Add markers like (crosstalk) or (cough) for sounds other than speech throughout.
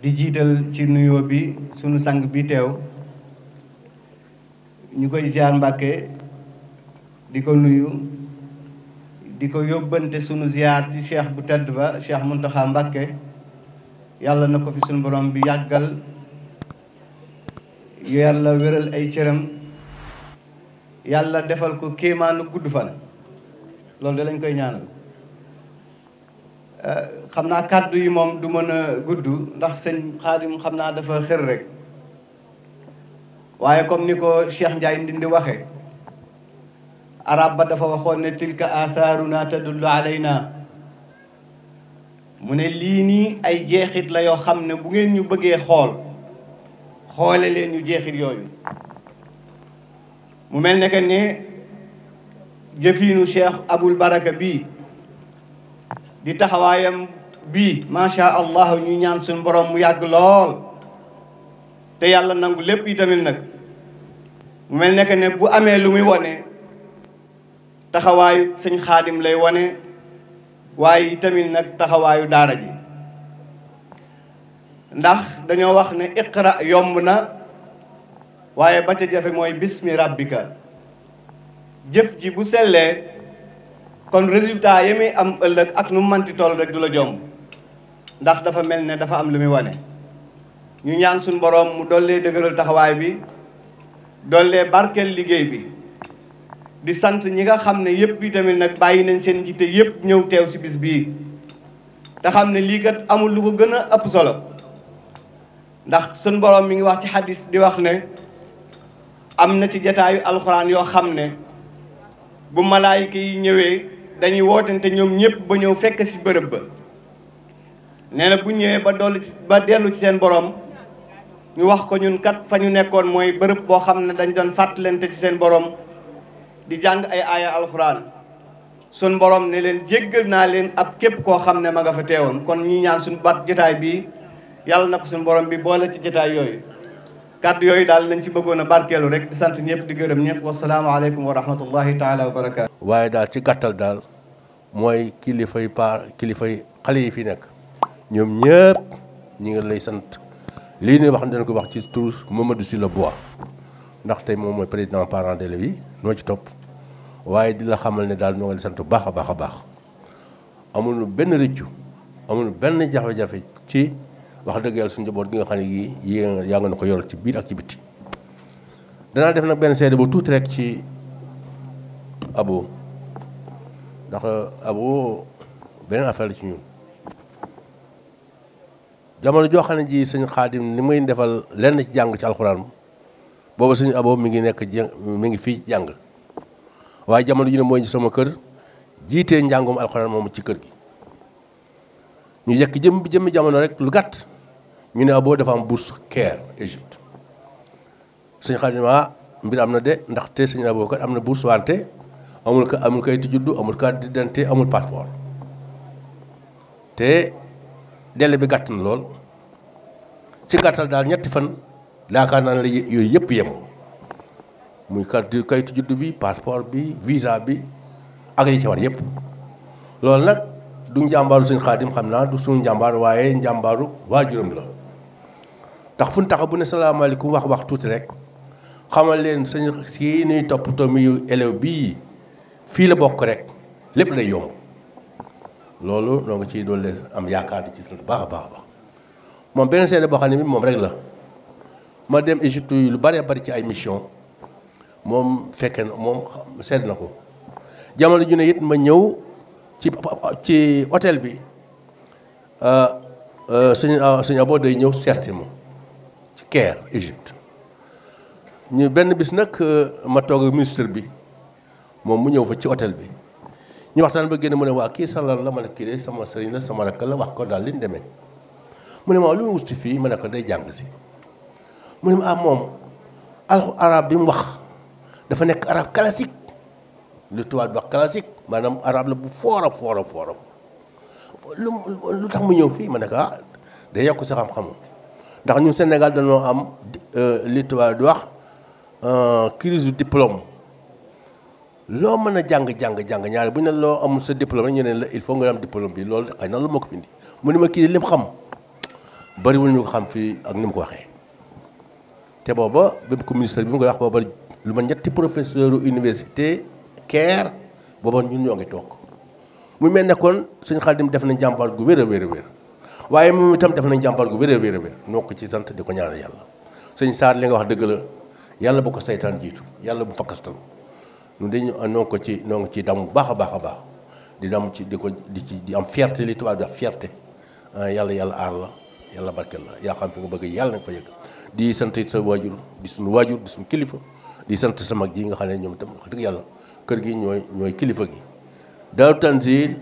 di jiital ci nuyoo bi sunu sang bi teew ñu koy ziar Mbàkke di ko nuyu di ko yóbbante sunu ziar ci cheikh bu tedd ba cheikh Muntaxa Mbàkke yàlla na ko fi sunu borom bi yàggal yàlla wéral ay cëram yàlla defal ko kéemaanu gudd fan loolu de lañ koy ñaanal Euh, xam naa kàddu yi moom du mën a gudd ndax sëñ xaadim xam naa dafa xër rek waaye comme ni ko Cheikh Ndiaye di waxee arab ba dafa waxoon ne tilka athaaruna tadullu alayna mu ne lii nii ay jeexit la yoo xam ne bu ngeen ñu bëggee xool xoole leen ñu jeexit yooyu mu mel ne que ne jëfiinu Cheikh Abul Baraka bii di taxawaayam bii macha allah ñu ñaan suñ borom mu yàgg lool te yàlla nangu lépp yi tamit nag mu mel ne ne bu amee lu muy wane taxawaayu sëñ xaadim lay wane waaye tamit nag taxawaayu daara ji ndax dañoo wax ne iqra yomb na waaye ba ca jafe mooy bismi rabbika jëf ji bu sellee kon résultat yi am ëllëg ak nu mu mënti toll rek du la jomb ndax dafa mel ne dafa am lu muy wane ñu ñaan suñu boroom mu dollee dëgëral taxawaay bi dollee barkeel liggéey bi di sant ñi nga xam ne yëpp yi tamit nag bàyyi nañ seen jiite yëpp ñëw teew ci bis bii te xam ne lii kat amul lu ko gën a ëpp solo ndax suñu boroom mi ngi wax ci xadis di wax ne am na ci jataayu alxuraan yoo xam ne bu malaayika yi ñëwee dañuy wootante ñoom ñëpp ba ñëw fekk ci bërëb ba nee na bu ñëwee ba dollu ci ba dellu ci seen borom ñu wax ko ñun kat fa ñu nekkoon mooy bërëb boo xam ne dañ doon fàttalante ci seen boroom di jàng ay aaya alxuraan sun borom ne leen jéggal naa leen ab képp koo xam ne ma nga fa teewoon kon ñi ñaan suñu bat jotaay bii yàlla na ko suñu borom bi boole ci jotaay yooyu kàddu yooyu daal lañ ci bëggoon a barkeelu rek di sant ñëpp di gërëm ñëpp wasalaamaaleykum wa rahmatullahi taala wa barakaatu. waaye daal ci gàttal daal. mooy kilifay pa kilifay xale yi fi nekk ñoom ñëpp ñu ngi lay sant lii ñuy wax dañ ko wax ci tur Mamadou Sylla Boye ndax tey moom mooy président parent d'élèves yi ci topp waaye di la xamal ne daal ñoo sant bu baax a baax a baax amul benn rëccu amul benn jafe-jafe ci wax dëgg su suñu njaboot bi nga xam ne yii yii yaa nga na ko yoral ci biir ak ci biti danaa def nag benn seede bu tuuti rek ci abo ndax euh, abo beneen affaire ci ñun jamono joo xam ne ji sëñ xaadim ni muy defal lenn ci jàng ci alxuraan booba sëñ abo mi ngi nekk mi ngi fii jàng waaye jamono ju ne mooy sama kër jiitee njàngum alxuraan moom ci kër gi ñu yekk jëm jëmmi jamono rek lu gàtt ñu ne abo dafa am bourse Caire Égypte sëñ xaadim ah mbir am na de ndaxte sëñ abo kat am na bourse wante amul ka amul kayitu juddu amul carte d'identité amul passeport te délai bi gàtt na lool ci gàttal daal ñetti fan yaakaar naa ne la yooyu yëpp yem muy carte kayitu juddu bi passeport bi visa bi ak yi war yëpp loolu nag du njàmbaaru suñu xaadim xam naa du suñu njàmbaar waaye waa waajuram la ndax fu ñu taxa bu ne salaamaaleykum wax wax tuuti rek xamal leen suñu kii nuy toppatoo mi élève bii fii la bokk rek lépp day yomb loolu noo ngi ciy doole am yaakaar di ci lu baax a baax a moom benn seede boo xam ne bi moom rek la ma dem Égypte yu lu bëree bari ci ay mission moom fekke na moom seet na ko jamono ju ne it ma ñëw ci ci hôtel bi suñu euh, euh, suñu euh, aboo day ñëw seeti ma ci Caire Égypte ñu benn bis nag ma toog ministre bi moom mu ñëw fa ci hôtel bi ñu waxtaan ba génn mu ne waa kii sàllal la ma ne kii de sama sëriñ la sama rakk la wax ko daal li ñu mu ne ma lu mu wut si fii ma ne ko day jàng si mu ne ma ah moom alxu arab bi mu wax dafa nekk arab classique lu tubaab bi maanaam arab bu foor a foor a foor tax mu ñëw fii ma ne ko ah day yokk sa xam-xamu ndax ñun Sénégal dañoo am euh, li tubaab di wax euh, crise du diplôme loo mën a jàng jàng jàng ñaari bu ñu ne loo amul sa diplôme ñu ne la il faut nga am diplôme bi loolu xëy na lu ma ko findi mu ne ma kii lim xam bariwul ñu ko xam fii ak ni mu ko waxee te booba bi mu ko ministère bi mu koy wax booba lu ma ñetti professeur université Caire booba ñu ñoo ngi toog mu mel ne kon suñu Xaadim def na jàmbar gu wér a wér a wér waaye moom itam def nañ jàmbaar gu wér a wér a noo ko ci sant di ko ñaar yàlla sëñ Sarr li nga wax dëgg la yàlla bu ko saytaan jiitu yàlla bu fakkastal ñu dañu noo ko ci noo ngi ci dam bu baax a baax a baax di dam ci di ko di ci am fierté li tubaab di wax fierté ah, yàlla yàlla aar la yàlla barkeel la yaa xam fi bëgg yàlla nag fa yëg di sant sa waajur di suñu waajur di kilifa di sant sa mag nga xam ne ñoom itam wax dëgg yàlla kër gi ñooy ñooy kilifa gi Daaru Tanzil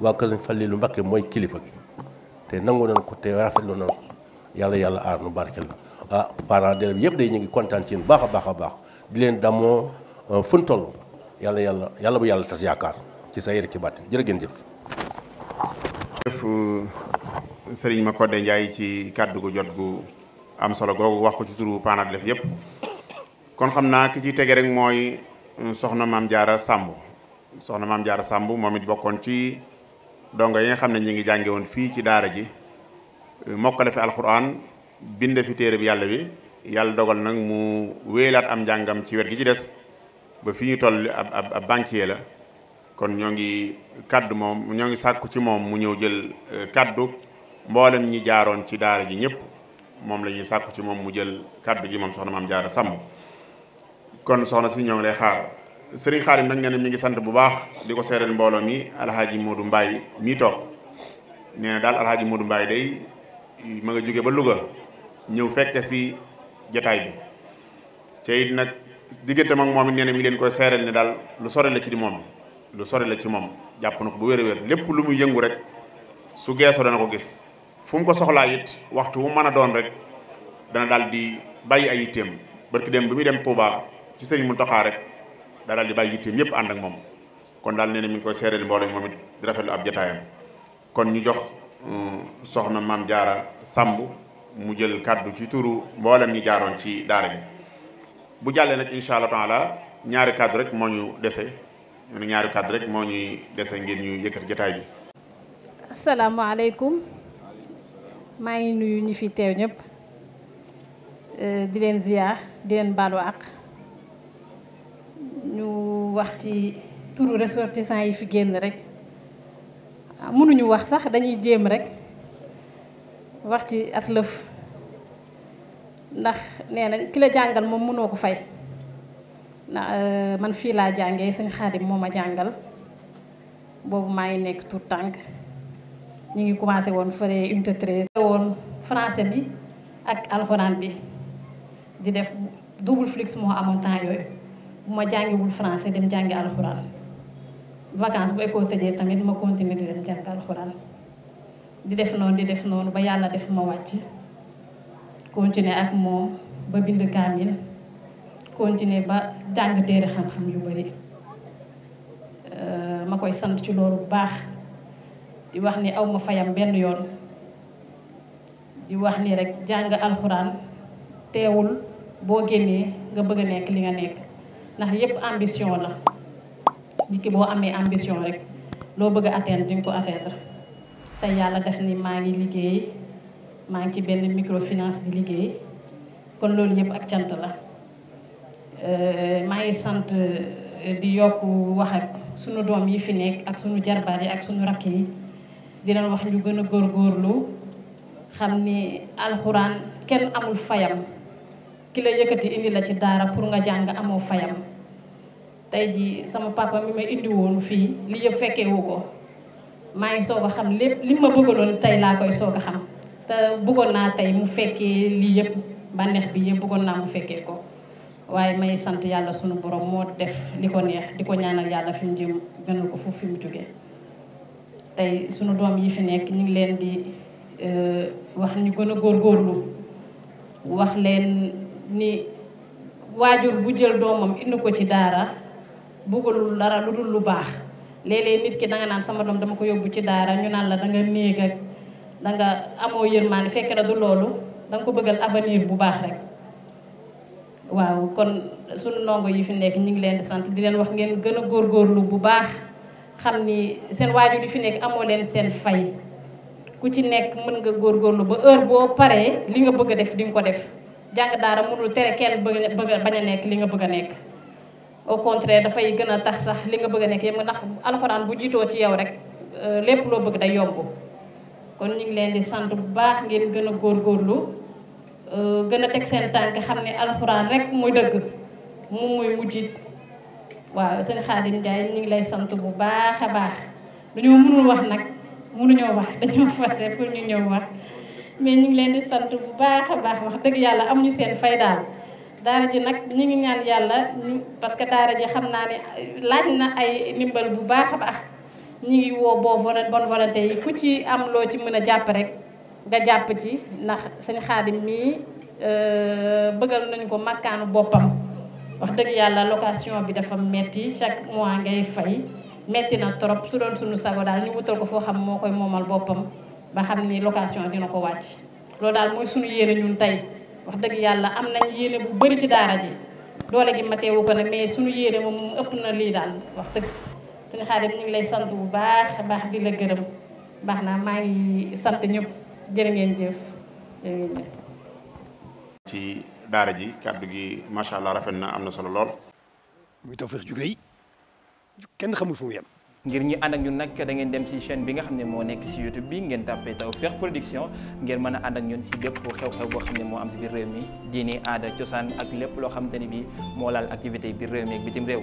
waa kër Fallilu Mbakke mooy kilifa gi te nangu nañ ko te rafetlu nañ ko yàlla yàlla aar nu barkeel la ah parents d'élèves yëpp day ñu ngi kontaan ci nu baax a baax a baax di leen damoo Euh, fu ñu toll yàlla yàlla yàlla bu yàlla tas yaakaar ci sa yére ci bàtt jër ngeen jëf. jëf euh, sëriñ Makodde Ndiaye ci kàddu gu jot gu am solo googu wax ko ci turu Paana Def yëpp kon xam naa ki ci tege rek mooy euh, soxna maam Jaara Samb soxna maam Jaara Samb moom it bokkoon ci dongo yi nga xam ne ñi ngi jànge fii ci daara ji mokkale fi alxuraan bind fi téere bi yàlla bi yàlla dogal nag mu wéelaat am njàngam ci wet gi ci des. ba fi ñu toll ab ab banquier la kon ñoo ngi kàdd moom ñoo ngi sàkku ci moom mu ñëw jël euh, kàddu mboolem ñu jaaroon ci daara ji ñëpp moom la ñuy sàkku ci moom mu jël kàddu ji moom soxna maam jaara sàmm kon soxna si ñoo ngi lay xaar sëriñ Xaadim nag nee na mi ngi sant bu baax di ko seereel mbooloo mi alhaaji Modou Mbaye mii toog nee na daal alhaaji Modou Mbaye day mu nga jóge ba Louga ñëw fekke si jataay bi te it nag diggante mag moom it nee na mi ngi leen koy seeral ni daal lu sore la ci di moom lu sore la ci moom jàpp na ko bu wér a wér lépp lu muy yëngu rek su geesoo dana ko gis fu mu ko soxlaa it waxtu wu mën a doon rek dana daal di bàyyi ay yitteem barki dem bi muy dem Touba ci sëriñ Mountakha rek daa daal di bàyyi yitteem yépp ànd ak moom kon daal nee na mi ngi koy seeral mbooloo moom it di rafet rafetlu ab jataayam kon ñu jox euh, soxna maam jaara sàmb mu jël kàddu ci turu mboolem ñi jaaroon ci daara bi bu jàllee nag incha allah taala ñaari kàddu rek moo ñu dese ñu ñaari kàddu rek moo ñuy ñu yëkkati jotaay bi. asalaamaaleykum maa ngi nuyu ñi fi teew ñëpp euh, di leen ziar di leen baalu àq ñu wax ci turu ressortissant yi fi génn rek ah, mënuñu wax sax dañuy jéem rek wax ci aslëf ndax nee na ki la jàngal moom mënoo ko fay ndax euh, man fii laa jàngee sëñ Xaadim moom ma jàngal boobu maa ngi nekk tout tànk ñu ngi commencé woon fële unité 13 woon français bi ak alxuraan bi di def double flux moo amoon temps yooyu bu ma jàngiwul français dem jàngi alxuraan vacance bu école tëjee tamit ma continuer di dem jàng alxuraan di def noonu di def noonu ba yàlla def ma wàcc continuer ak moom ba bind kaamil continuer ba jàng téere xam-xam yu bari euh, ma koy sant ci loolu bu baax di wax ni aw ma benn yoon di wax ni rek jàng alxuraan teewul boo génnee nga bëgg a nekk li nga nekk ndax yépp ambition la nit boo amee ambition rek loo bëgg a atteindre di nga ko atteindre te yàlla def ni maa ngi liggéey maa ngi ci benn microfinance di liggéey kon loolu yëpp ak cant la euh, maa ngi sant euh, di yokk wax ak sunu doom yi fi nekk ak sunu jarbaar yi ak suñu rakk yi di leen wax ñu gën a góor góorgóorlu xam ni alxuraan kenn amul fayam ki la yëkkati indi la ci daara pour nga jàng amoo fayam tey ji sama papa mi ma indi woon fii li yëpp fekkewu ko maa ngi soog a xam lépp li ma bëggaloon tey laa koy soog a xam te bëggoon naa tey mu fekkee lii yëpp bànneex bi yëpp bëggoon naa mu fekkee ko waaye may sant yàlla sunu borom moo def li ko neex di ko ñaanal yàlla fi mu jëm gënal ko foofu fi mu jóge tey sunu doom yi fi nekk ñu ngi leen di e, wax ñu gën a góorgóorlu wax leen ni waajur bu jël doomam indi ko ci daara bëggul dara lu dul lu baax léeg-léeg nit ki danga naan sama doom dama ko yóbbu ci daara ñu naan la danga néeg ak da nga amoo yërmande fekk na du loolu da nga ko bëggal avenir bu baax rek waaw kon sunu ndongo yi fi nekk ñu ngi leen sant di leen wax ngeen gën a góor góorlu bu baax xam ni seen waajur yi fi nekk amoo leen seen fay ku ci nekk mën nga góor góorlu ba heure boo paree li nga bëgg a def di nga ko def jàng daara mënul tere kenn bëgg bëgg bañ a nekk li nga bëgg a nekk au contraire dafay gën a tax sax li nga bëgg a nekk yépp ndax alxuraan bu jiitoo ci yow rek euh, lépp loo bëgg day yomb kon ñi ngi leen di sant bu baax ngeen gën a góorgóorlu euh, gën a teg seen tànk xam ne alxuraan rek muy dëgg moom muy mujjit waaw seen Xaadim Njaay ñu ngi lay sant bu baax a baax dañoo mënul wax nag mënuñoo wax dañoo (laughs) forcé pour ñu ñëw wax mais ñu ngi leen di sant bu baax a baax wax dëgg yàlla amuñu seen fay daal daara ji nag ñu ngi ñaan yàlla ñu parce que daara ji xam naa ne laaj na ay ndimbal bu baax a baax ñu ngi woo boo bon volonté yi ku ci am loo ci mën a jàpp rek nga jàpp ci ndax sëñ xaadim mii euh, bëggal nañu ko makkaanu boppam wax dëgg yàlla location bi dafa metti chaque mois ngay fay metti na trop su doon suñu sago daal ñu wutal ko foo xam moo koy moomal boppam ba xam ni location dina ko wàcc loolu daal mooy suñu yéene ñun tey wax dëgg yàlla am nañ yéene bu bëri ci daara ji doole gi mateewu ko ne mais suñu yéene moom ëpp na lii daal wax dëgg sëñ Xaadim ñu ngi lay sant bu baax baax di la gërëm baax naa maa ngi sant ñëpp jërë ngeen jëf ngeen jëf. ci daara ji kàddu gi macha rafet na am na solo lool. muy Tawfekh ju rëy kenn xamul fu mu yem. ngir ñi ànd ak ñun nag da ngeen dem ci chaîne bi nga xam ne moo nekk ci YouTube bi ngeen tàppee Tawfekh Production ngeen mën a ànd ak ñun ci bépp xew-xew boo xam ne moo am ci biir réew mi diini aada cosaan ak lépp loo xamante ni bi moo laal activité biir réew mi ak bitim réew.